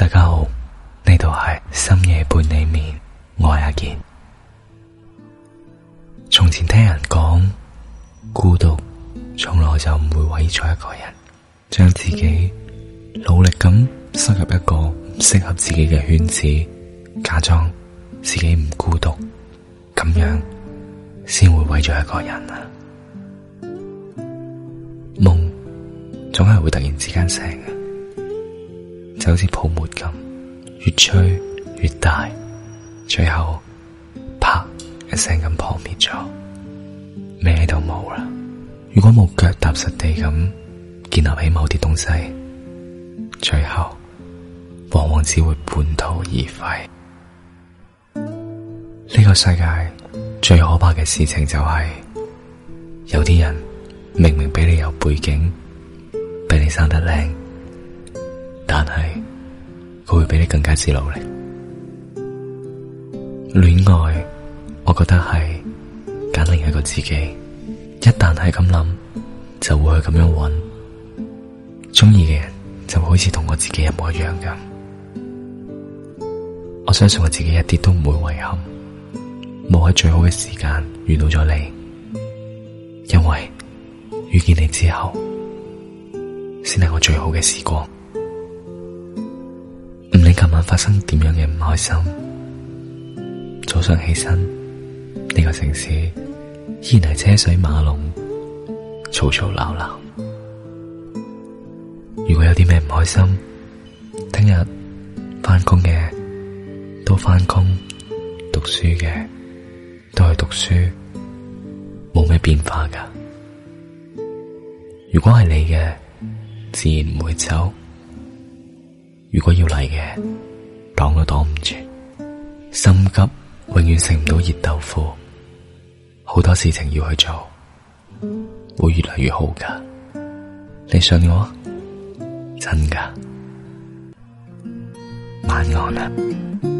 大家好，呢度係深夜伴你眠，我係阿杰。從前聽人講，孤獨從來就唔會毀咗一個人，將自己努力咁塞入一個唔適合自己嘅圈子，假裝自己唔孤獨，咁樣先會毀咗一個人啊！夢總係會突然之間醒。就好似泡沫咁，越吹越大，最後啪一聲咁破滅咗，咩都冇啦。如果冇腳踏實地咁建立起某啲東西，最後往往只會半途而廢。呢個世界最可怕嘅事情就係，有啲人明明比你有背景，比你生得靚。但係，佢會比你更加之努力。戀愛，我覺得係揀另一個自己。一旦係咁諗，就會去咁樣揾中意嘅人，就會好似同我自己一模一樣噶。我相信我自己一啲都唔會遺憾，冇喺最好嘅時間遇到咗你，因為遇見你之後，先係我最好嘅時光。尋晚發生點樣嘅唔開心？早上起身，呢個城市依然係車水馬龍、嘈嘈鬧鬧。如果有啲咩唔開心，聽日翻工嘅都翻工，讀書嘅都係讀書，冇咩變化噶。如果係你嘅，自然唔會走。如果要嚟嘅，擋都擋唔住。心急永遠食唔到熱豆腐，好多事情要去做，會越嚟越好㗎。你信我，真㗎。晚安啦。